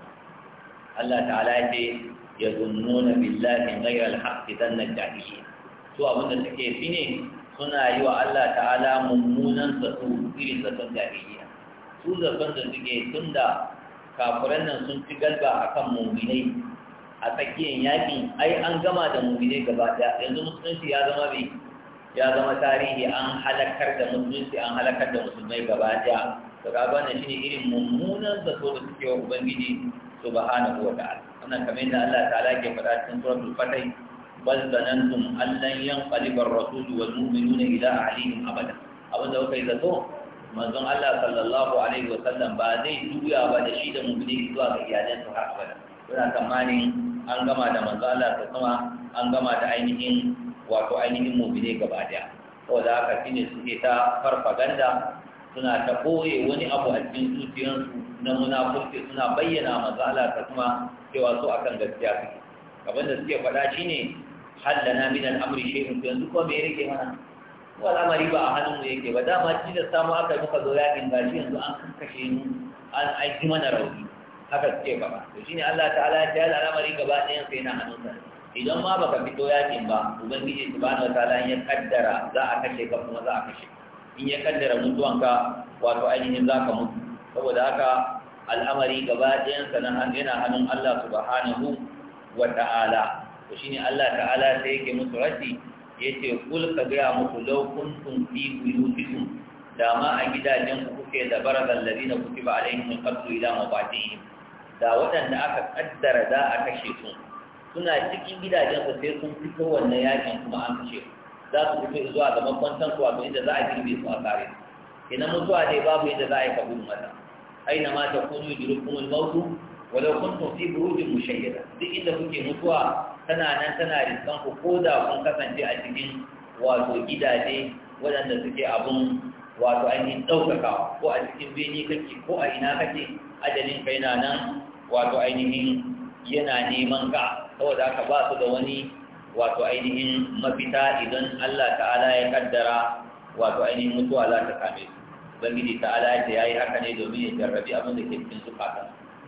Allah ta'ala ya ce yazunnuna billahi ghayra al-haqqi dhanna al jahili to abinda suke fi ne suna yi wa Allah ta'ala mummunan zato irin zaton jahiliya su zaton da suke tunda kafiran nan sun fi galba a kan mu'minai a tsakiyar yaƙi ai an gama da muminai gaba ɗaya yanzu musulunci ya zama bi ya zama tarihi an halakar da musulunci an halakar da musulmai gaba ɗaya to ga wannan shine irin mummunan zato da suke wa ubangiji subhanahu wa ta'ala wannan kamar yadda Allah ta'ala ke faɗa cikin suratul fatih bal zanantum an lan yanqalibar rasulu wal mu'minuna ila ahlihim abada abin da kuka yi zato manzon Allah sallallahu alaihi wasallam ba zai juya ba da shi da mu'mini zuwa ga iyalan su har abada suna tsammanin an gama da manzon Allah ta sama an gama da ainihin wato ainihin mu'mini gaba daya saboda haka shine suke ta farfaganda suna ta koye wani abu a cikin zuciyarsu na munafurci suna bayyana manzon Allah ta sama cewa su akan gaskiya suke abinda suke faɗa shine hallana min al'amri shehu yanzu ko me rike mana ko al'amari ba a hannun yake ba dama ci da samu aka yi muka zo yakin shi yanzu an kankashe mu an aiki mana rauni haka suke ba to shine Allah ta'ala ya jala al'amari gaba ɗayan sai na hannunsa idan ma baka fito yakin ba ubangiji subhanahu wataala ya kaddara za a kashe ka kuma za a kashe in ya kaddara mutuwan ka wato ainihin za ka mutu saboda haka al'amari gaba ɗayansa yana hannun Allah subhanahu wa ta'ala to shine Allah ta'ala sai yake musu rashi yace kul ka gaya muku law kuntum fi buyutikum da ma a gidajen ku kuke da barazal ladina kutiba alaihim alqatlu ila mabatihim da waɗanda aka kaddara za a kashe su suna cikin gidajen ku sai sun fito wannan yakin kuma an kashe za su fito zuwa ga makwantan ku abin da za a girbe su a kare ina mutuwa dai babu yadda za a yi ka gudun mata aina ma ta kunu jirukumul mautu walau kuntum fi burujin mushayyada duk inda kuke mutuwa tana nan tana da ku ko da kun kasance a cikin wato gidaje waɗanda suke abun wato ainihin ɗaukaka ko a cikin bene kake ko a ina kake ajalin ka yana nan wato ainihin yana neman ka saboda haka ba su da wani wato ainihin mafita idan Allah ta'ala ya kaddara wato ainihin mutuwa za ta kame su ubangiji ta'ala ya yi haka ne domin ya jarrabi abin da ke cikin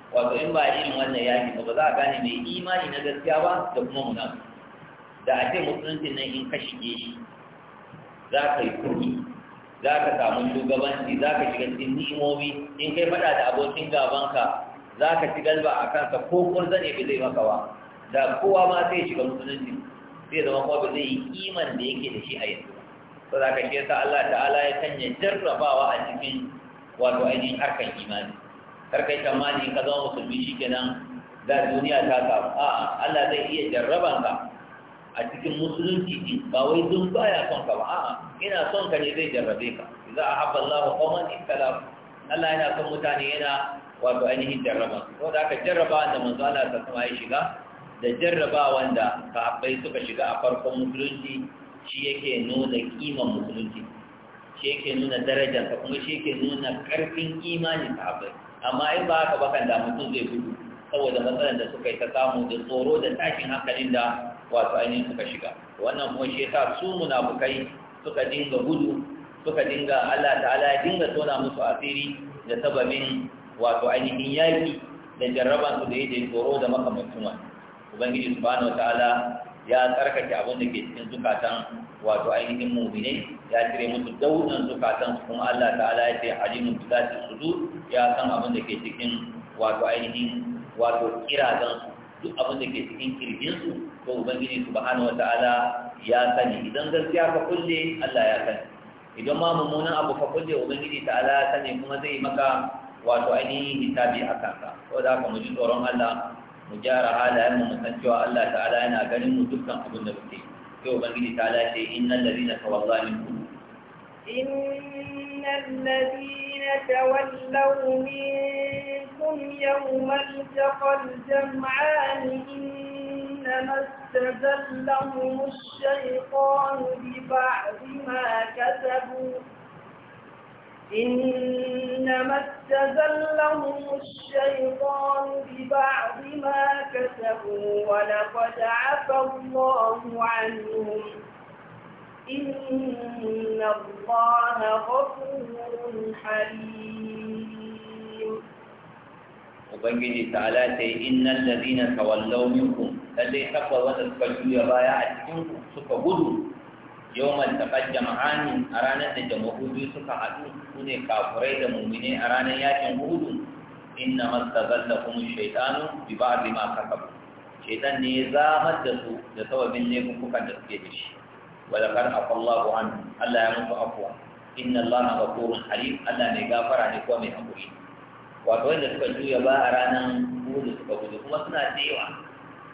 wato in ba irin wannan yaki ba za a gane mai imani na gaskiya ba da kuma munafiki da a ce musulunci nan in ka shige shi za ka yi kurmi za ka samu shugabanci za ka shiga cikin ni'imomi in kai faɗa da abokin gabanka za ka ci galba a kansa ko kurza ne ba zai maka ba da kowa ma sai shiga musulunci zai zama kuma ba zai yi iman da yake da shi a yanzu ba za ka shi yasa Allah ta'ala ya sanya jarrabawa a cikin wato ainihin harkar imani karkai tamani ka zama musulmi nan da duniya ta samu a Allah zai iya jarraban ka a cikin musulunci din ba wai dun baya son ka ba a ina son ka ne zai jarrabe ka a ahabba Allah qauman ibtala Allah yana son mutane yana wato ainihin jarraba ko da aka jarraba da manzo Allah ta kuma ya shiga da jarraba wanda sahabbai suka shiga a farkon musulunci shi yake nuna kiman musulunci shi yake nuna darajarsa kuma shi yake nuna karfin imanin sahabbai amma in ba haka bakan da mutum zai gudu saboda matsalar da suka yi ta samu da tsoro da tashin hankalin da wato ainihin suka shiga wannan kuma shi yasa su munafukai suka dinga gudu suka dinga Allah ta'ala ya dinga tona musu asiri da sababin wato ainihin yaki da jarraban su da yake tsoro da makamancin wani ubangiji subhanahu ta'ala ya tsarkake abin da ke cikin zukatan wato ainihin mu'minai ya cire musu daudan zukatan su kuma Allah ta'ala ya ce alimun zati su ya san abin da ke cikin wato ainihin wato kirazan su duk abin da ke cikin kirjin su ko ubangiji subhanahu Ta'ala ya sani idan gaskiya ka kulle Allah ya sani idan ma mummunan abu ka kulle ubangiji ta'ala ya sani kuma zai maka wato ainihin hisabi a kanka saboda haka mu ji tsoron Allah mu gyara halayen mu mu san cewa Allah ta'ala yana ganin mu dukkan abin da muke yi sai ubangiji ta lace إن ladina تولوا minkum إن الذين تولوا منكم يوم التقى الجمعان إنما استذلهم الشيطان ببعض ما كسبوا إنما استزلهم الشيطان ببعض ما كسبوا ولقد عفى الله عنهم إن الله غفور حليم Ubangiji ta'ala ce innal ladina tawallaw minkum lalle takwa wanda suka juya baya a cikin suka gudu yawmal tabaj jama'ani a ranar da jama'u biyu suka haɗu su ne kafurai da mumine a ranar yakin hudu inna zalla kuma shaitanu bi bi ma kasabu shaitan ne ya zama da su da sababin laifukan da suke da shi wala kar afallahu an Allah ya mutu afwa inna Allah wani halim Allah ne gafara ne ko mai hakuri wato wanda suka juya ba a ranar hudu suka gudu kuma suna cewa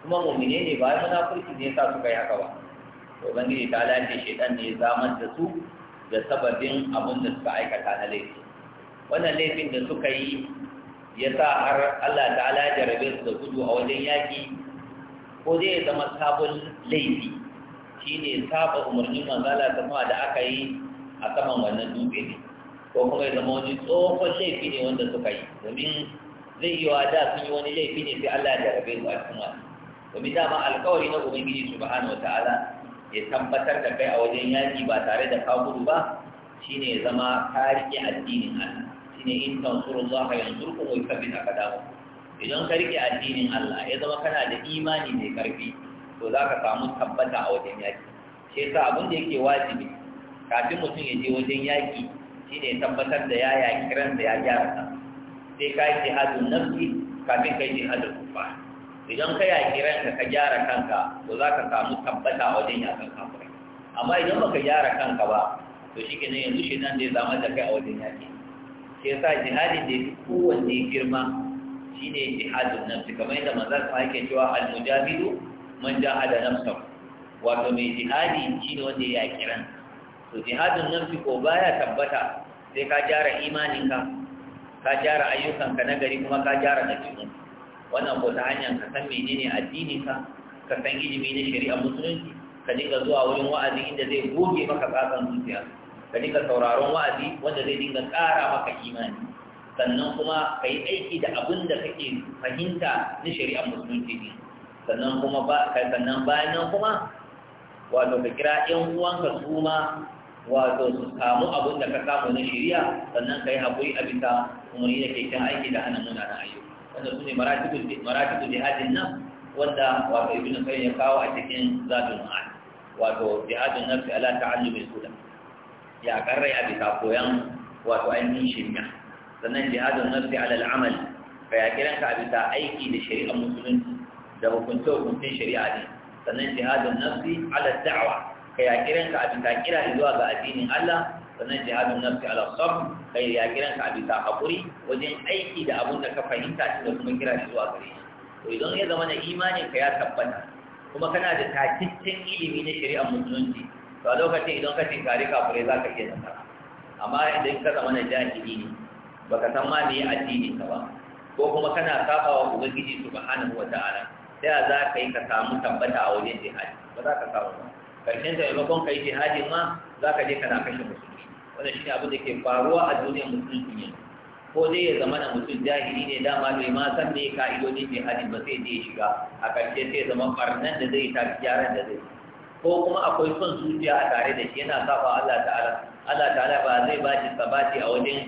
kuma mummine ne ba ya kurki ne sa suka yi haka ba ubangiji ta lafi shaitan ne zamar da su da sababin abin da suka aikata na laifi wannan laifin da suka yi ya sa har Allah ta'ala ya jarabe su da gudu a wajen yaki. ko zai zama sabon laifi shine saba umarnin manzala kuma da aka yi a saman wannan dubi. ne ko kuma ya zama wani tsohon laifi ne wanda suka yi domin zai yi wa da sun yi wani laifi ne sai Allah ya jarabe su a cikin wani domin dama alkawari na ubangiji subhanahu wa ta'ala ya tabbatar da kai a wajen yaƙi ba tare da ka gudu ba Shi ya zama ka riƙe addinin Allah Shi ne in tansurullah ka bi yuthabbit aqdamakum idan ka riƙe addinin Allah ya zama kana da imani mai ƙarfi to za ka samu tabbata a wajen yaƙi shi yasa abin da yake wajibi kafin mutum ya je wajen yaƙi ne ya tabbatar da ya yaƙi ran da ya gyara sai ka yi jihadun nafsi kafin ka yi jihadun kufa idan ka yaƙi ranka ka gyara kanka to za ka samu tabbata wajen yaƙin kafirai amma idan baka gyara kanka ba to shi ke yanzu shi nan zai zama da kai a wajen yaƙi shi yasa jihadin da ya kowanne girma shine jihadun nafsi kamar yadda maza sa yake cewa al-mujahidu man jahada nafsahu wato mai jihadi ne wanda ya yaƙi ranka to jihadun nafsi ko baya tabbata sai ka gyara imaninka ka gyara ayyukanka na gari kuma ka gyara na dabi'unka wannan ko ta hanyar ka san menene addini ka ka san ilimi na shari'a musulunci ka dinga zuwa wurin wa'azi inda zai goge maka tsatsan zuciya ka dinga sauraron wa'azi wanda zai dinga ƙara maka imani sannan kuma ka yi aiki da abin da kake fahimta na shari'a musulunci ne sannan kuma ba sannan bayan nan kuma wato ka kira ƴan uwanka su ma wato su samu abin da ka samu na shari'a sannan ka yi haƙuri a bisa umarni da ke kan aiki da hana munanan ayyuka wanda su ne maratibul jihadin nan wanda wato ibn kai ya kawo a cikin zadul ma'ad wato jihadin jihadun nafsi ala mai suda ya karrai a bisa koyan wato ainihin shirya sannan jihadun nafsi ala al'amal ka ya ka a bisa aiki da shari'ar musulunci da hukunce hukuncin shari'a ne sannan jihadin jihadun nafsi ala da'awa ka ya kiranka a bisa kira zuwa ga addinin Allah sannan jihadun nafsi ala sabr kai ya kiran ka bisa hakuri wajen aiki da abun da ka fahimta shi da kuma kira shi zuwa gare shi to idan ya zama na imanin ka ya tabbata kuma kana da takikken ilimi na shari'ar musulunci to a lokacin idan ka tinkari kafirai za ka iya nasara amma idan ka zama na jahili ne baka san ma me addini ka ba ko kuma kana saba wa ubangiji subhanahu wata'ala sai a za ka yi ka samu tabbata a wajen jihadi ba za ka samu ba karshen taimakon ka yi jihadin ma za ka je kana kashe musulunci. wannan shi abin da ke faruwa a duniyar mutum ne ko dai ya zama da mutum jahili ne dama bai ma san me ka'idodi mai hadin ba sai dai shiga a ƙarshe sai ya zama ɓarnan da zai tafi gyaran da zai ko kuma akwai son zuciya a tare da shi yana saba Allah ta'ala Allah ta'ala ba zai ba shi sabati a wajen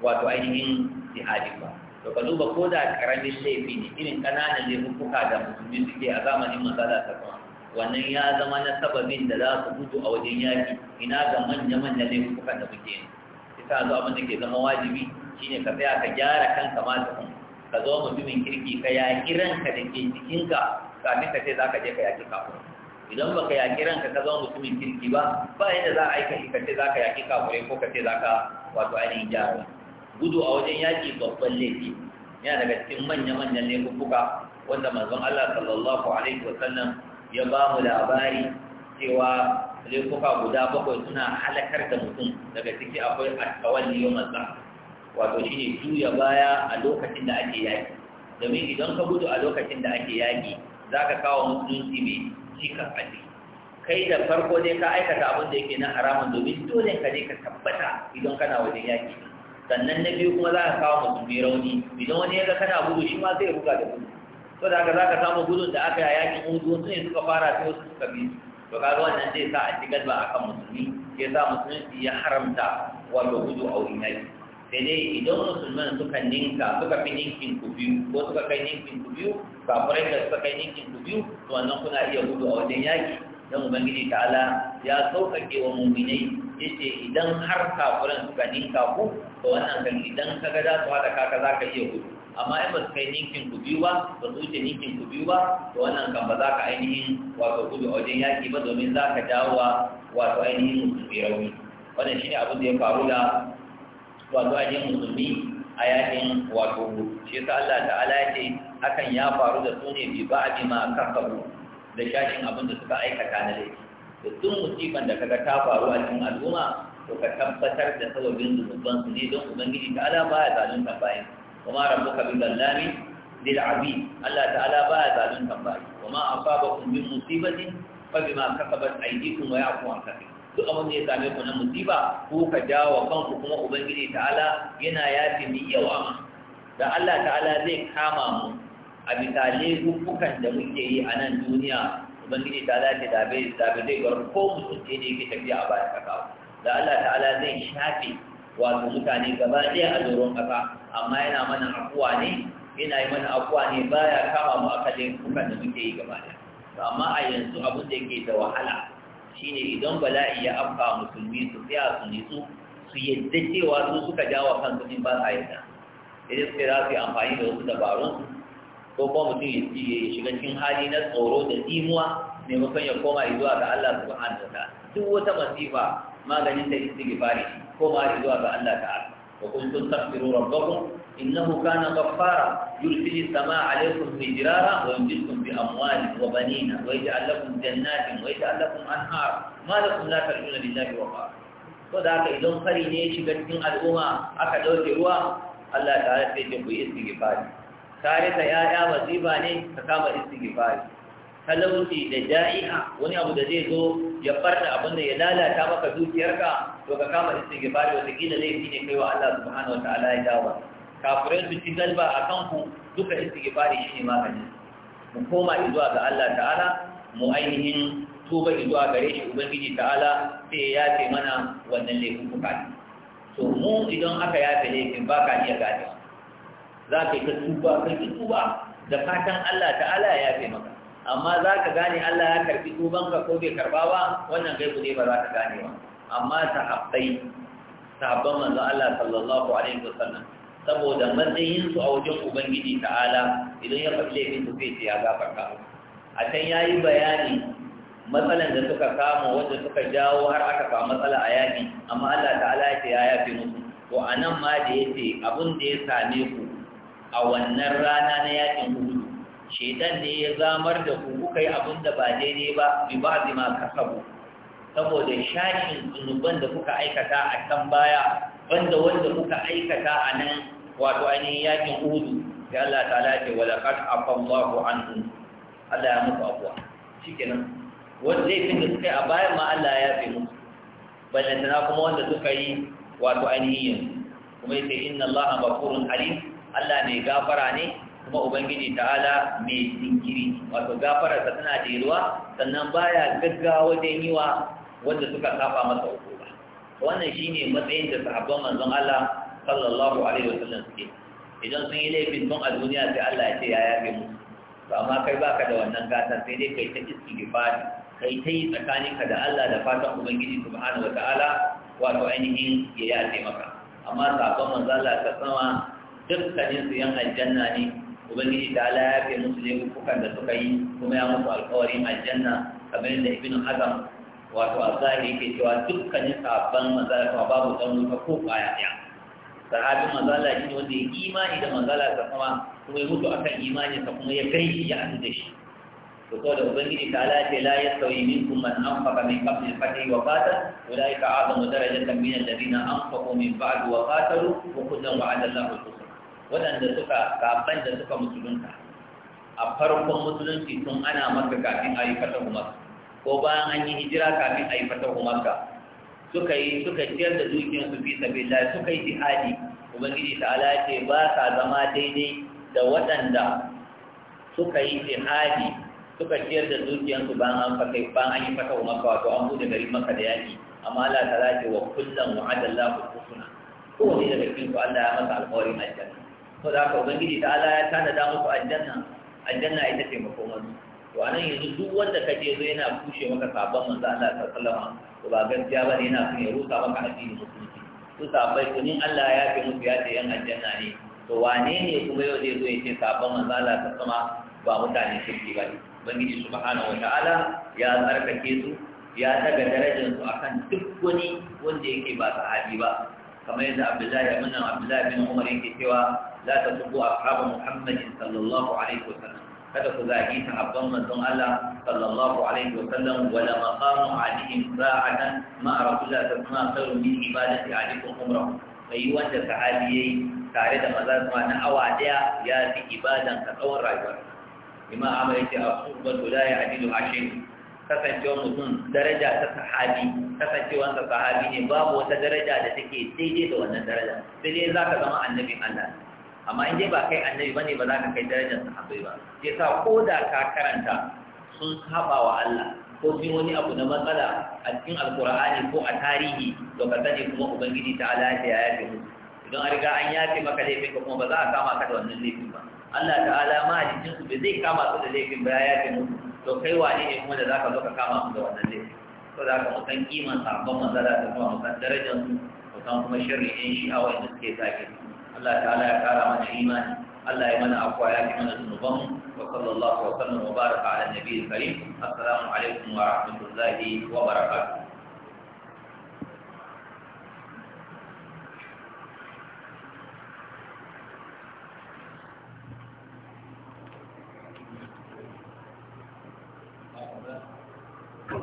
wato ainihin jihadi ba to ka duba ko da karamin laifi ne irin ƙananan laifuka da musulmi suke a zamanin manzala ta kuma wannan ya zama na sababin da za su gudu a wajen yaki ina ga manya-manya ne kuka da muke yi isa zo abin da ke zama wajibi shine ka tsaya ka gyara kanka ma da ka zo mutumin kirki ka yaƙi ranka da ke jikinka kafin ka ce za ka je ka yaƙi kafin idan baka yaƙi ranka ka zo mutumin kirki ba ba yadda za a aika shi ka ce za ka yaƙi kafin ko ka ce za ka wato ainihin gyara gudu a wajen yaƙi babban laifi yana daga cikin manya-manyan laifuka wanda manzon Allah sallallahu alaihi wa sallam ya ba mu labari cewa laifuka guda bakwai suna halakar da mutum daga ciki akwai ne yau matsa wato shi ne juya baya a lokacin da ake yaƙi domin idan ka gudu a lokacin da ake yaƙi za ka kawo musulunci mai cikin a kai da farko dai ka aikata abin da yake na haramun domin dole ka je ka tabbata idan kana wajen yaƙi sannan na biyu kuma za ka kawo mai rauni idan wani ya ga kana gudu shi ma zai buga da gudu saboda haka za ka samu gudun da aka yi a yaƙin hudu wasu ne suka fara sai wasu suka bi to kaga wannan zai sa a shigar ba akan musulmi ya sa su ya haramta wato gudu a wurin yaki sai dai idan musulman suka ninka suka fi ninkin ku biyu ko suka kai ninkin ku biyu kafirai da suka kai ninkin ku biyu to wannan kuna iya gudu a wajen yaki dan ubangiji ta'ala ya sauƙaƙe wa muminai ce idan har kafiran suka ninka ku to wannan kan idan ga za su haɗa kaka za ka iya gudu amma in ba su kai ninkin ku biyu ba ba su wuce ninkin ku biyu ba to wannan kan ba za ka ainihin wato gudu a wajen yaƙi ba domin za ka jawo wa wato ainihin musulmi rauni wannan ne abin da ya faru da wato ainihin musulmi a yaƙin wato shi yasa Allah ta'ala ya ce hakan ya faru da su ne bi ba'di ma kasabu da shashin abin da suka aikata na laifi da duk musiban da kaga ta faru a cikin al'umma to ka tabbatar da sababin su ne don ubangiji ta'ala ya zalunta bayan kuma rabbuka bi zallami lil abid Allah ta'ala baya zalun tambayi kuma asabakum min musibatin fa bima kasabat aydikum wa ya'fu an kathir duk abin da ya same ku na musiba ko ka jawo kanku kuma ubangiji ta'ala yana yafi mi yawa da Allah ta'ala zai kama mu a bisa laifukan da muke yi a nan duniya ubangiji ta dace da bai da bai zai bar ko mutum ne yake tafiya a bayan kasa da Allah ta'ala zai shafe wato mutane gaba ɗaya a doron ƙasa amma yana mana afuwa ne yana yi mana afuwa ne baya kama mu akan da muke yi gaba ɗaya amma a yanzu abin da yake da wahala shine idan bala'i ya afka musulmi su tsaya su nitsu su yadda cewa su suka jawa kansu in ba sa yadda idan suka za yi amfani da wasu dabarun ko kuma mutum ya shiga cikin hali na tsoro da tsimuwa maimakon ya koma zuwa ga Allah subhanahu wa ta'ala duk wata masifa maganin ta istighfari koma zuwa ga Allah ta'ala wa kuntum tastaghfiru rabbakum innahu kana ghaffara yursilu samaa alaykum mijrara wa yumdidukum bi amwalin wa banina wa yaj'al lakum jannatin wa yaj'al lakum anhar ma lakum la tarjuna lillahi wa ko da haka idan fari ne ya shiga cikin al'umma aka dauke ruwa Allah ta'ala sai ya ku istighfar kare ta ya'ya wazifa ne ka kama istighfar talauci da ja'i'a wani abu da zai zo ya farta abin da ya lalata maka dukiyarka to ka kama istighfari wata gina laifi ne kai wa Allah subhanahu wataala ya dawa kafirai su ci galba a kanku duka shi ne magani mu koma zuwa ga Allah ta'ala mu ainihin tuba zuwa gare shi ubangiji ta'ala sai ya yafe mana wannan laifin kuka to mu idan aka yafe laifin ba ka iya gane za ka yi ta tuba kai ki tuba da fatan Allah ta'ala ya yafe maka amma za ka gane Allah ya karbi tubanka ko bai karba ba wannan gaibu ne ba za ka gane ba amma sahabbai sahabban manzo Allah sallallahu alaihi wasallam saboda matsayin su a wajen ubangiji ta'ala idan ya faɗi laifin su sai ya gafarta a can yayi bayani matsalan da suka kama wanda suka jawo har aka samu matsala a yaki. amma Allah ta'ala ya ce ya yafe musu to anan ma da yace abin da ya same ku a wannan rana na yakin Uhud shaitan ne ya zamar da ku kuka yi abin da ba daidai ba bi ba bi ma kasabu saboda shashin zunuban da kuka aikata a kan baya banda wanda kuka aikata a nan wato ainihin yakin udu ya Allah ta'ala ce wa laqad afallahu anhu Allah ya muku afwa shikenan wanda zai fi da suka yi a bayan ma Allah ya fi musu ballantana kuma wanda suka yi wato ainihin yanzu kuma yace inna Allah ghafurun halim Allah mai gafara ne kuma ubangiji ta'ala mai jinkiri wato gafara ta tana jeruwa sannan baya gaggawa wajen yi wa wanda suka kafa masa ba wannan shine matsayin da sahabban manzon Allah sallallahu alaihi wasallam suke idan sun yi laifin tun a duniya sai Allah ya ce ya yafe mu. to amma kai baka da wannan gatan sai dai kai ta istighfari kai ta yi tsakaninka da Allah da fatan ubangiji subhanahu wataala wato ainihin ya yafe maka amma manzon Allah ta sama dukkanin su yan aljanna ne ubangiji ta ala ya fi musu laifukan da suka yi kuma ya musu alkawarin aljanna kamar yadda ibnu hazam wato azari yake cewa dukkanin sabon manzala kuma babu dan wuta ko kwaya ɗaya sahabin manzala shi ne wanda ya imani da manzala ta kuma kuma ya mutu akan imaninsa kuma ya kai ya asu da shi to da ubangiji ta ala ce la yastawi minkum man anfaqa min qabli al-fath wa qatala ulaika a'zamu darajatan min alladhina anfaqu min ba'd wa qatalu wa kullan wa'ada Allahu al waɗanda suka kafan da suka musulunta a farkon musulunci tun ana maka kafin a yi fata maka ko bayan an yi hijira kafin a yi fata maka suka yi suka ciyar da su fi da suka yi jihadi ubangiji ta'ala ce ba sa zama daidai da waɗanda suka yi jihadi suka ciyar da dukiyar bayan an bayan an yi fata maka wato an bude gari maka da yaƙi. amma Allah ala ce wa kullum wa'adallahu husna kowane daga cikin su Allah ya masa alƙawarin aljanna to da haka ubangiji ta ala ya tana da muku aljanna aljanna ita ce makomar to anan yanzu duk wanda ka je zo yana kushe maka sabon manzo Allah sallallahu alaihi wasallam to ba gaskiya bane yana son rusa maka addini musulunci su sabai to ni Allah ya fi musu ya ce yan aljanna ne to wane ne kuma yau zai zo ya ce sabon manzo Allah sallallahu alaihi wasallam ba mutane shirki bane ubangiji subhanahu ta'ala ya tsarkake su ya daga darajar su akan duk wani wanda yake ba sahabi ba kamar yadda Abdullahi ibn Abdullahi bin Umar yake cewa Za ta la tasubbu ashabu muhammadin sallallahu alaihi wasallam kada ku zagi sahabban manzon Allah sallallahu alaihi wa sallam wala maqamu alihim sa'atan ma rasulullah sallallahu alaihi wa sallam min ibadati alikum umrah sai wanda sahabi yayi tare da maza kuma na awa daya ya fi ibadan ka tsawon rayuwar imma amma yake asurba la ya adilu ashin kasancewa mutum daraja ta sahabi kasancewa sahabi ne babu wata daraja da take daidai da wannan daraja sai dai zaka zama annabin Allah amma in dai ba kai annabi bane ba za ka kai darajar sahabbai ba sai sa ko da ka karanta sun saba wa Allah ko sun wani abu na matsala a cikin alkur'ani ko a tarihi to ka sani kuma ubangiji ta ala ya yafe mu idan an riga an yafe maka laifin ka kuma ba za a kama ka da wannan laifin ba Allah ta'ala ma cikin su zai kama su da laifin ba ya yafe mu to kai wane ne kuma da za ka zo ka kama su da wannan laifin to da ka san kiman sahabban matsala da kuma san darajar su mutan kuma shirin shi awai wa'anda suke zage su Allah ta'ala ya kara mana imani Allah ya mana akwa ya fi mana zunuban wa sallallahu wa sallam wa baraka ala nabiyil karim assalamu alaikum wa rahmatullahi wa barakatuh